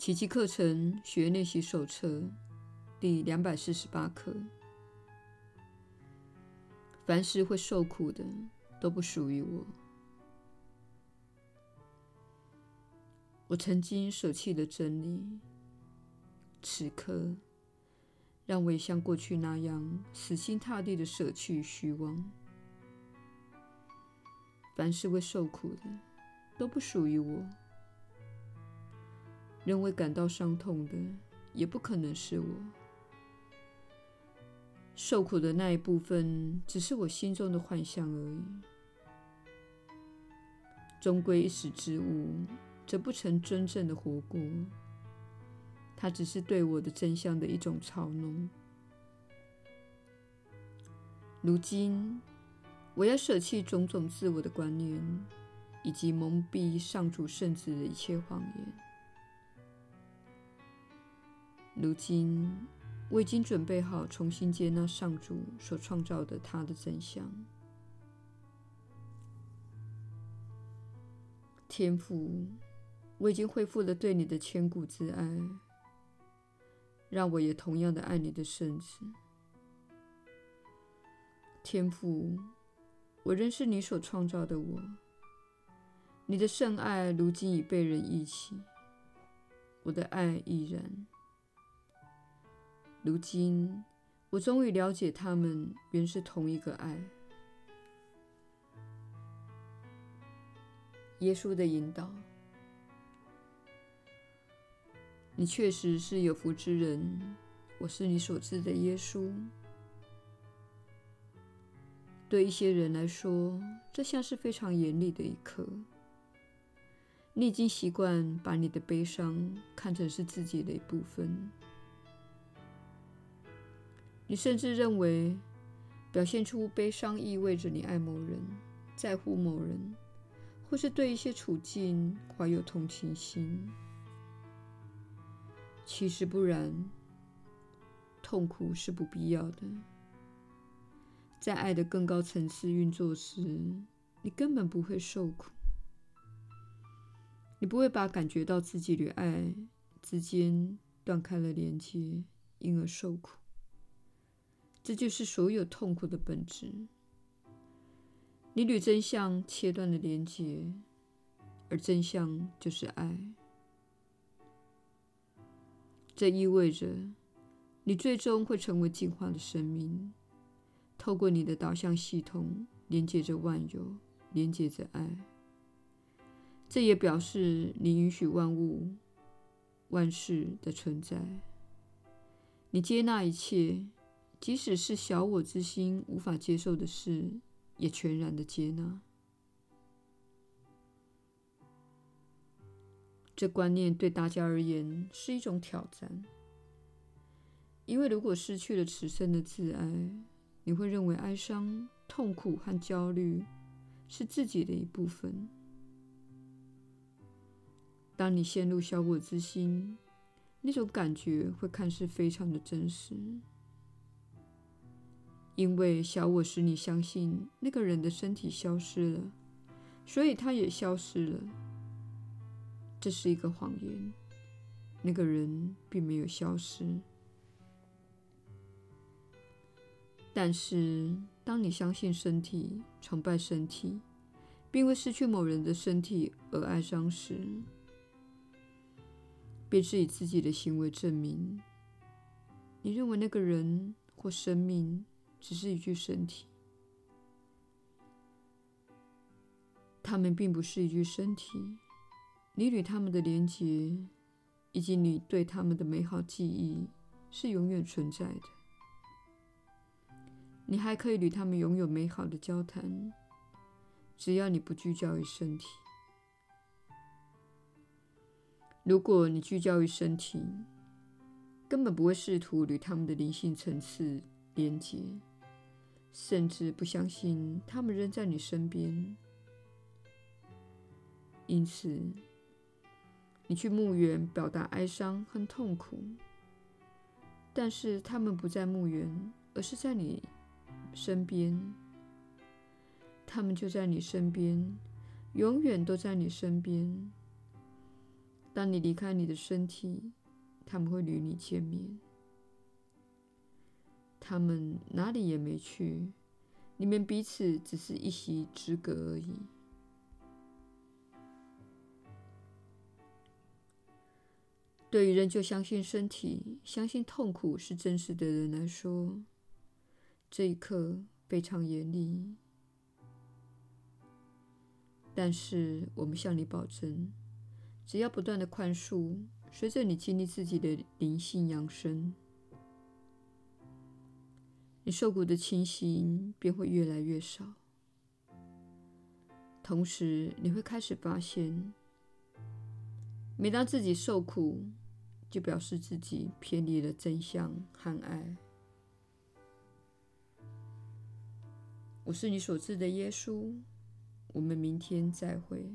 奇蹟課程學員練習手冊，第兩百四十八課。凡是會受苦的，都不屬於我。我曾經捨棄了真理，此刻讓我也像過去那樣死心塌地的捨棄虛妄。凡是會受苦的，都不屬於我。認為感到傷痛的，也不可能是我。受苦的那一部分，只是我心中的幻想而已。終歸一時之物，則不曾真正的活過。它只是對我的真相的一種嘲弄。如今，我要捨棄種種自我的觀念，以及蒙蔽上主聖子的一切謊言。如今，我已經準備好重新接納上主所創造的他的真相。天父，我已經恢復了對你的千古之愛，讓我也同樣地愛你的聖子。天父，我仍是你所創造的我，你的聖愛如今已被人憶起，我的愛依然。如今，我終於了解，他們原是同一個愛。耶穌的引導，你確實是有福之人。我是你所知的耶穌。對一些人來說，這像是非常嚴厲的一課。你已經習慣把你的悲傷看成是自己的一部分。你甚至認為，表現出悲傷意味着你愛某人，在乎某人，或是對一些處境懷有同情心。其實不然，痛苦是不必要的。在愛的更高層次運作時，你根本不會受苦。你不會把感覺到自己與愛之間斷開了連結，因而受苦。這就是所有痛苦的本質。你與真相切斷了連接，而真相就是愛。這意味着你最終會成為進化的生命，透過你的導向系統連接着萬有，連接着愛。這也表示你允許萬物、萬事的存在，你接納一切。即使是小我之心無法接受的事，也全然的接納。這觀念對大家而言是一種挑戰，因為如果失去了此生的摯愛，你會認為哀傷、痛苦和焦慮是自己的一部分。當你陷入小我之心，那種感覺會看似非常的真實。因為小我使你相信那個人的身體消失了，所以他也消失了。這是一個謊言，那個人並沒有消失。但是，當你相信身體、崇拜身體，並為失去某人的身體而哀傷時，便是以自己的行為證明你認為那個人或生命只是一具身體，他們並不是一具身體。你與他們的連接，以及你對他們的美好記憶，是永遠存在的。你還可以與他們擁有美好的交談，只要你不聚焦於身體。如果你聚焦於身體，根本不會試圖與他們的靈性層次連接。甚至不相信他們仍在你身邊，因此你去墓園表達哀傷和痛苦。但是他們不在墓園，而是在你身邊。他們就在你身邊，永遠都在你身邊。當你離開你的身體，他們會與你見面。他們哪裡也沒去，你們彼此只是一席之隔而已。對於仍舊相信身體、相信痛苦是真實的人來說，這一刻非常嚴厲。但是我們向你保證，只要不斷的寬恕，隨着你經歷自己的靈性揚升。你受苦的情形便會越來越少，同時你會開始發現，每當自己受苦，就表示自己偏離了真相和愛。我是你所知的耶穌，我們明天再會。